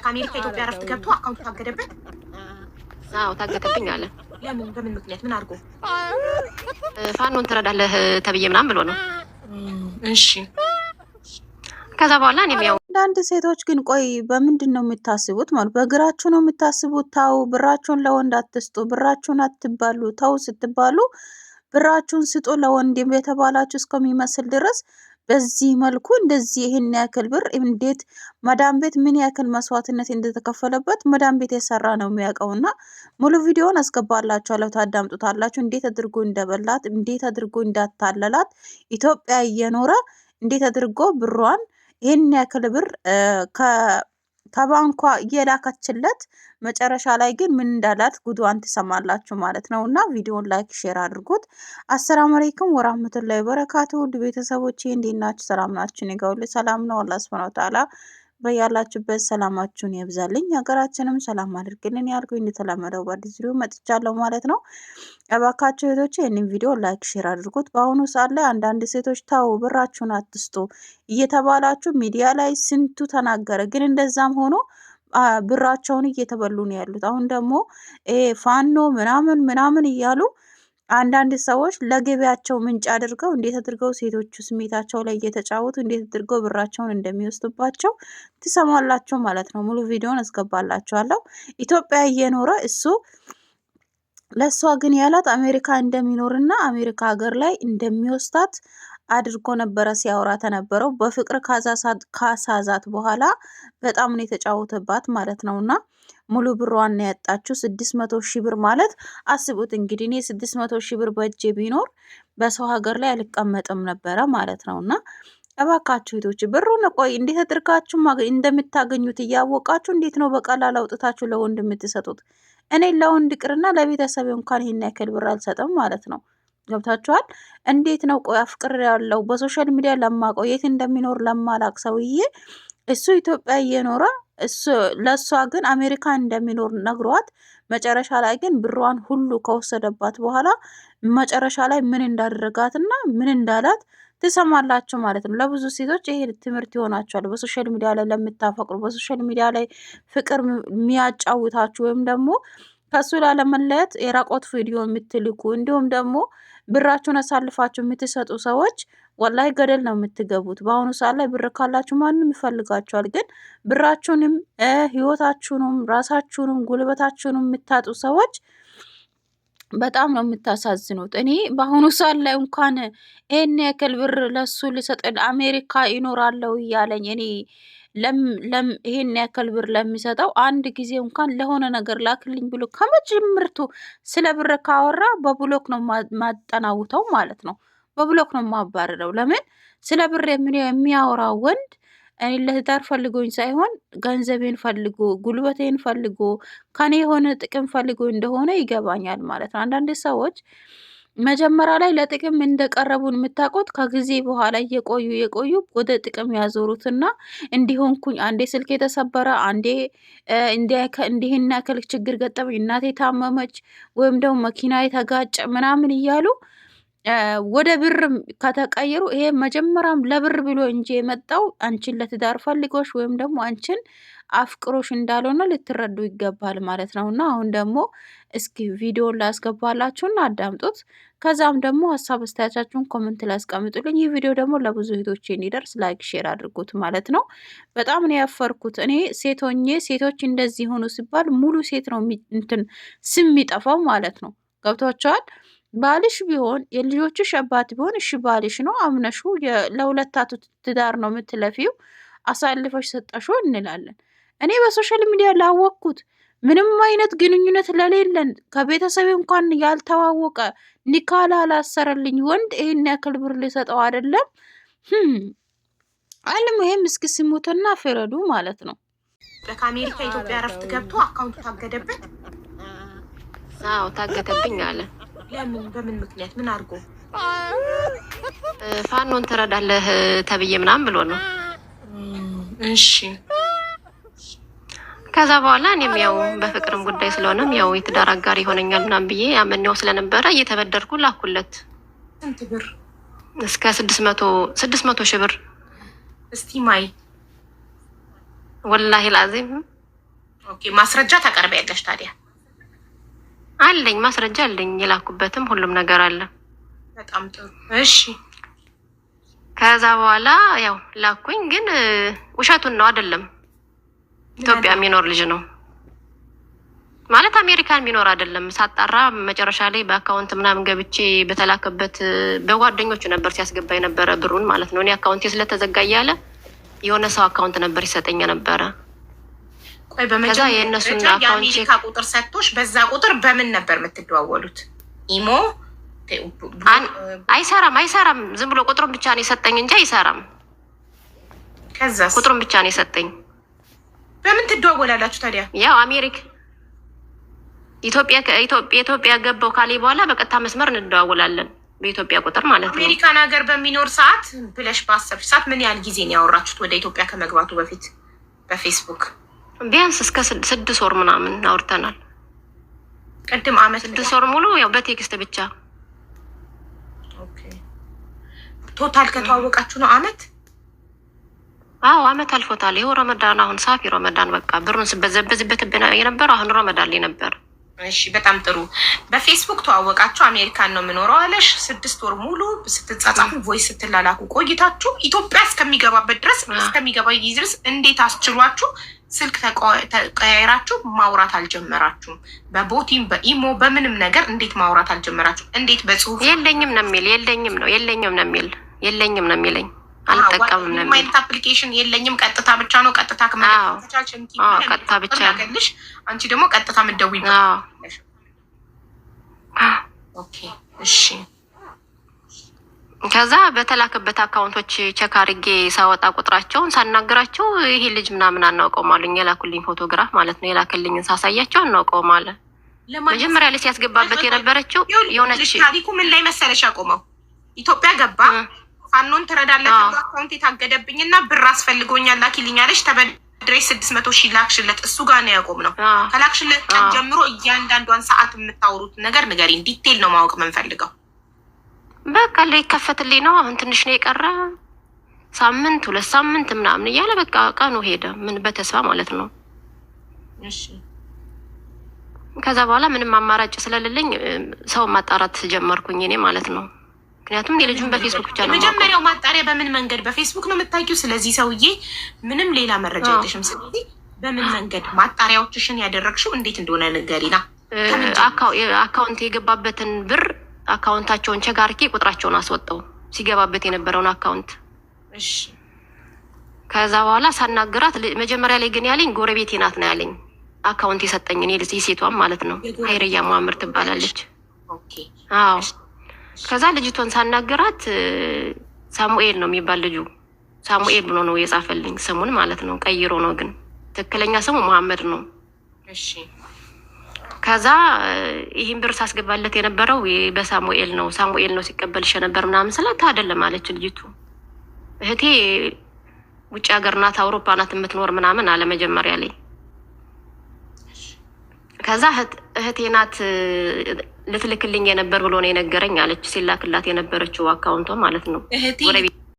መጣበት አሜሪካ ኢትዮጵያ እረፍት ገብቶ አካውንቱ ታገደበት። አዎ ታገተብኝ አለ። ለምን በምን ምክንያት ምን አድርጎ? ፋኖን ትረዳለህ ተብዬ ምናምን ብሎ ነው። እሺ ከዛ በኋላ እኔም ያው አንዳንድ ሴቶች ግን ቆይ በምንድን ነው የምታስቡት? ማለት በእግራችሁ ነው የምታስቡት? ታው ብራችሁን ለወንድ አትስጡ፣ ብራችሁን አትባሉ፣ ተው ስትባሉ ብራችሁን ስጡ ለወንድም የተባላችሁ እስከሚመስል ድረስ በዚህ መልኩ እንደዚህ ይህን ያክል ብር እንዴት መዳም ቤት ምን ያክል መስዋዕትነት እንደተከፈለበት መዳም ቤት የሰራ ነው የሚያውቀው። እና ሙሉ ቪዲዮን አስገባላችኋለሁ ታዳምጡታላችሁ። እንዴት አድርጎ እንደበላት፣ እንዴት አድርጎ እንዳታለላት ኢትዮጵያ እየኖረ እንዴት አድርጎ ብሯን ይህን ያክል ብር ከባንኳ እየላከችለት መጨረሻ ላይ ግን ምን እንዳላት ጉድዋን ትሰማላችሁ ማለት ነው። እና ቪዲዮን ላይክ፣ ሼር አድርጉት። አሰላሙ አለይኩም ወራህመቱላሂ ወበረካቱ። ውድ ቤተሰቦቼ እንዴት ናችሁ? ሰላም ናችሁ? እኔ ጋር ሁሉ ሰላም ነው። አላህ ሱብሃነሁ ወተዓላ በያላችሁበት ሰላማችሁን ይብዛልኝ፣ ሀገራችንም ሰላም አድርግልን ያልኩኝ እንደተለመደው በአዲስ ቪዲዮ መጥቻለሁ ማለት ነው። እባካችሁ እህቶቼ ይህንን ቪዲዮ ላይክ፣ ሼር አድርጉት። በአሁኑ ሰዓት ላይ አንዳንድ ሴቶች ታው ብራችሁን አትስጡ እየተባላችሁ ሚዲያ ላይ ስንቱ ተናገረ። ግን እንደዛም ሆኖ ብራቸውን እየተበሉ ነው ያሉት። አሁን ደግሞ ፋኖ ምናምን ምናምን እያሉ አንዳንድ ሰዎች ለገቢያቸው ምንጭ አድርገው እንዴት አድርገው ሴቶቹ ስሜታቸው ላይ እየተጫወቱ እንዴት አድርገው ብራቸውን እንደሚወስዱባቸው ትሰማላቸው ማለት ነው። ሙሉ ቪዲዮን አስገባላችኋለሁ። ኢትዮጵያ እየኖረ እሱ ለእሷ ግን ያላት አሜሪካ እንደሚኖርና አሜሪካ ሀገር ላይ እንደሚወስዳት አድርጎ ነበረ ሲያወራ ተነበረው። በፍቅር ካሳዛት በኋላ በጣም ነው የተጫወተባት ማለት ነው እና ሙሉ ብሯን ነው ያጣችው። ስድስት መቶ ሺህ ብር ማለት አስቡት እንግዲህ እኔ ስድስት መቶ ሺህ ብር በእጄ ቢኖር በሰው ሀገር ላይ አልቀመጥም ነበረ ማለት ነው እና እባካችሁ ቶች ብሩን ቆይ እንዴት አድርጋችሁ እንደምታገኙት እያወቃችሁ እንዴት ነው በቀላል አውጥታችሁ ለወንድ የምትሰጡት? እኔ ለወንድ ቅርና ለቤተሰብ እንኳን ይህን ያክል ብር አልሰጥም ማለት ነው። ገብታችኋል? እንዴት ነው ቆይ አፍቅር ያለው በሶሻል ሚዲያ ለማቀው የት እንደሚኖር ለማላቅ ሰውዬ እሱ ኢትዮጵያ እየኖረ ለእሷ ግን አሜሪካን እንደሚኖር ነግሯት፣ መጨረሻ ላይ ግን ብሯን ሁሉ ከወሰደባት በኋላ መጨረሻ ላይ ምን እንዳደረጋት እና ምን እንዳላት ትሰማላችሁ ማለት ነው። ለብዙ ሴቶች ይሄ ትምህርት ይሆናቸዋል። በሶሻል ሚዲያ ላይ ለምታፈቅሩ፣ በሶሻል ሚዲያ ላይ ፍቅር የሚያጫውታችሁ ወይም ደግሞ ከእሱ ላለመለየት የራቆት ቪዲዮ የምትልኩ እንዲሁም ደግሞ ብራችሁን አሳልፋችሁ የምትሰጡ ሰዎች ወላሂ ገደል ነው የምትገቡት። በአሁኑ ሰዓት ላይ ብር ካላችሁ ማንም ይፈልጋችኋል። ግን ብራችሁንም ህይወታችሁንም ራሳችሁንም ጉልበታችሁንም የምታጡ ሰዎች በጣም ነው የምታሳዝኑት። እኔ በአሁኑ ሰዓት ላይ እንኳን ይህን ያክል ብር ለሱ ልሰጥን አሜሪካ ይኖራለው እያለኝ እኔ ለም ያክል ብር ለሚሰጠው አንድ ጊዜ እንኳን ለሆነ ነገር ላክልኝ ብሎ ከመጀመርቱ ስለ ብር ካወራ በብሎክ ነው ማጠናውተው ማለት ነው። በብሎክ ነው የማባረረው። ለምን ስለ ብር የሚያወራው ወንድ እኔ ለትዳር ፈልጎኝ ሳይሆን ገንዘቤን ፈልጎ ጉልበቴን ፈልጎ ከኔ የሆነ ጥቅም ፈልጎ እንደሆነ ይገባኛል ማለት ነው። አንዳንድ ሰዎች መጀመሪያ ላይ ለጥቅም እንደቀረቡን የምታውቁት ከጊዜ በኋላ እየቆዩ የቆዩ ወደ ጥቅም ያዞሩትና እንዲሆንኩኝ አንዴ ስልክ የተሰበረ አንዴ እንዲህና ክልክ ችግር ገጠመኝ፣ እናቴ ታመመች፣ ወይም ደግሞ መኪና የተጋጨ ምናምን እያሉ ወደ ብር ከተቀየሩ ይሄ መጀመሪያም ለብር ብሎ እንጂ የመጣው አንቺን ለትዳር ፈልጎሽ ወይም ደግሞ አንቺን አፍቅሮሽ እንዳልሆነ ልትረዱ ይገባል ማለት ነው። እና አሁን ደግሞ እስኪ ቪዲዮን ላስገባላችሁና አዳምጡት። ከዛም ደግሞ ሀሳብ አስተያየታችሁን ኮመንት ላይ አስቀምጡልኝ። ይህ ቪዲዮ ደግሞ ለብዙ እህቶቼ እንዲደርስ ላይክ፣ ሼር አድርጉት ማለት ነው። በጣም ነው ያፈርኩት እኔ ሴት ሆኜ ሴቶች እንደዚህ ሆኑ ሲባል ሙሉ ሴት ነው እንትን ስም ይጠፋው ማለት ነው። ገብቷቸዋል ባልሽ ቢሆን የልጆችሽ አባት ቢሆን እሺ ባልሽ ነው አምነሹ ለሁለታቱ ትዳር ነው የምትለፊው አሳልፈሽ ሰጠሹ እንላለን። እኔ በሶሻል ሚዲያ ላወቅኩት ምንም አይነት ግንኙነት ለሌለን ከቤተሰብ እንኳን ያልተዋወቀ ኒካ ላላሰረልኝ ወንድ ይህን ያክል ብር ሊሰጠው አይደለም። አልሙሄም እስኪ ስሙትና ፍረዱ ማለት ነው። ከአሜሪካ ኢትዮጵያ እረፍት ገብቶ አካውንቱ ታገደበት። አዎ ታገደብኝ አለ ለምን በምን ምክንያት ምን አድርጎ ፋኖን ትረዳለህ ተብዬ ምናምን ብሎ ነው። እሺ ከዛ በኋላ እኔም ያው በፍቅርም ጉዳይ ስለሆነም ያው የትዳር አጋር ይሆነኛል ምናምን ብዬ ያመኔው ስለነበረ እየተበደርኩ ላኩለት እስከ ስድስት መቶ ስድስት መቶ ሺህ ብር እስቲ ማይ ወላሂ ላዚም ማስረጃ ታቀርቢያለሽ ታዲያ አለኝ፣ ማስረጃ አለኝ። የላኩበትም ሁሉም ነገር አለ። በጣም ጥሩ እሺ። ከዛ በኋላ ያው ላኩኝ፣ ግን ውሸቱን ነው አይደለም። ኢትዮጵያ የሚኖር ልጅ ነው ማለት አሜሪካን የሚኖር አይደለም። ሳጣራ መጨረሻ ላይ በአካውንት ምናምን ገብቼ በተላከበት በጓደኞቹ ነበር ሲያስገባ የነበረ ብሩን ማለት ነው። እኔ አካውንቴ ስለተዘጋ እያለ የሆነ ሰው አካውንት ነበር ይሰጠኝ ነበረ ከዛ የእነሱን አካውንት ቁጥር ሰጥቶሽ በዛ ቁጥር በምን ነበር የምትደዋወሉት? ኢሞ አይሰራም፣ አይሰራም። ዝም ብሎ ቁጥሩን ብቻ ነው የሰጠኝ እንጂ አይሰራም። ከዛ ቁጥሩን ብቻ ነው የሰጠኝ። በምን ትደዋወላላችሁ ታዲያ? ያው አሜሪክ ኢትዮጵያ ኢትዮጵያ ገባው ካሌ በኋላ በቀጥታ መስመር እንደዋወላለን በኢትዮጵያ ቁጥር ማለት ነው። አሜሪካን ሀገር በሚኖር ሰዓት ብለሽ ባሰብሽ ሰዓት ምን ያህል ጊዜ ነው ያወራችሁት? ወደ ኢትዮጵያ ከመግባቱ በፊት በፌስቡክ ቢያንስ እስከ ስድስት ወር ምናምን አውርተናል። ቅድም አመት ስድስት ወር ሙሉ ያው በቴክስት ብቻ ቶታል ከተዋወቃችሁ ነው አመት? አዎ አመት አልፎታል። ይኸው ረመዳን አሁን ሳፊ ረመዳን በቃ ብሩን ስበዘበዝበት የነበረው አሁን ረመዳን ላይ ነበር። እሺ በጣም ጥሩ። በፌስቡክ ተዋወቃችሁ። አሜሪካን ነው የምኖረው አለሽ። ስድስት ወር ሙሉ ስትጻጻፉ ቮይስ ስትላላኩ ቆይታችሁ ኢትዮጵያ እስከሚገባበት ድረስ እስከሚገባ ጊዜ ድረስ እንዴት አስችሏችሁ ስልክ ተቀያይራችሁ ማውራት አልጀመራችሁም። በቦቲም በኢሞ በምንም ነገር እንዴት ማውራት አልጀመራችሁም? እንዴት በጽሁፍ የለኝም ነው የሚል የለኝም ነው የለኝም ነው የሚል የለኝም ነው የሚለኝ አልጠቀምም ነው የሚል አፕሊኬሽን የለኝም። ቀጥታ ብቻ ነው ቀጥታ ቀጥታ ብቻ ያገልሽ አንቺ ደግሞ ቀጥታ ምደዊ ኦኬ እሺ ከዛ በተላከበት አካውንቶች ቸክ አድርጌ ሳወጣ ቁጥራቸውን ሳናገራቸው ይሄ ልጅ ምናምን አናውቀውም አሉኝ። የላኩልኝ ፎቶግራፍ ማለት ነው። የላክልኝን ሳሳያቸው አናውቀውም አለ። መጀመሪያ ላይ ሲያስገባበት የነበረችው የሆነች ታሪኩ ምን ላይ መሰለሽ አቆመው። ኢትዮጵያ ገባ ፋኖን ትረዳለህ አካውንት የታገደብኝ የታገደብኝና ብር አስፈልጎኛል ላኪልኛለች ተበድሬ ስድስት መቶ ሺህ ላክሽለት። እሱ ጋር ነው ያቆም ነው። ከላክሽለት ጀምሮ እያንዳንዷን ሰዓት የምታወሩት ነገር ንገሪኝ፣ ዲቴል ነው ማወቅ ምንፈልገው በቃ ሊከፈትልኝ ነው አሁን ትንሽ ነው የቀረ ሳምንት ሁለት ሳምንት ምናምን እያለ በቃ ቀኑ ሄደ። ምን በተስፋ ማለት ነው። ከዛ በኋላ ምንም አማራጭ ስለሌለኝ ሰው ማጣራት ጀመርኩኝ እኔ ማለት ነው። ምክንያቱም የልጁን በፌስቡክ ብቻ ነው መጀመሪያው ማጣሪያ። በምን መንገድ በፌስቡክ ነው የምታውቂው? ስለዚህ ሰውዬ ምንም ሌላ መረጃ የለሽም። ስለዚህ በምን መንገድ ማጣሪያዎችሽን ያደረግሽው እንዴት እንደሆነ ንገሪና። አካውንት የገባበትን ብር አካውንታቸውን ቸግ ቁጥራቸውን አስወጣው ሲገባበት የነበረውን አካውንት። ከዛ በኋላ ሳናግራት መጀመሪያ ላይ ግን ያለኝ ጎረቤቴ ናት ነው ያለኝ አካውንት የሰጠኝ የሴቷም ማለት ነው ሀይረያ ማምር ትባላለች። አዎ ከዛ ልጅቷን ሳናግራት ሳሙኤል ነው የሚባል ልጁ ሳሙኤል ብሎ ነው የጻፈልኝ ስሙን ማለት ነው። ቀይሮ ነው ግን ትክክለኛ ስሙ መሐመድ ነው። ከዛ ይህን ብር ሳስገባለት የነበረው በሳሙኤል ነው ሳሙኤል ነው ሲቀበልሽ ነበር ምናምን ስላት አይደለም አለች ልጅቱ። እህቴ ውጭ ሀገር ናት አውሮፓ ናት የምትኖር ምናምን አለ መጀመሪያ ላይ። ከዛ እህቴ ናት ልትልክልኝ የነበር ብሎ ነው የነገረኝ አለች ሲላክላት የነበረችው አካውንቶ ማለት ነው።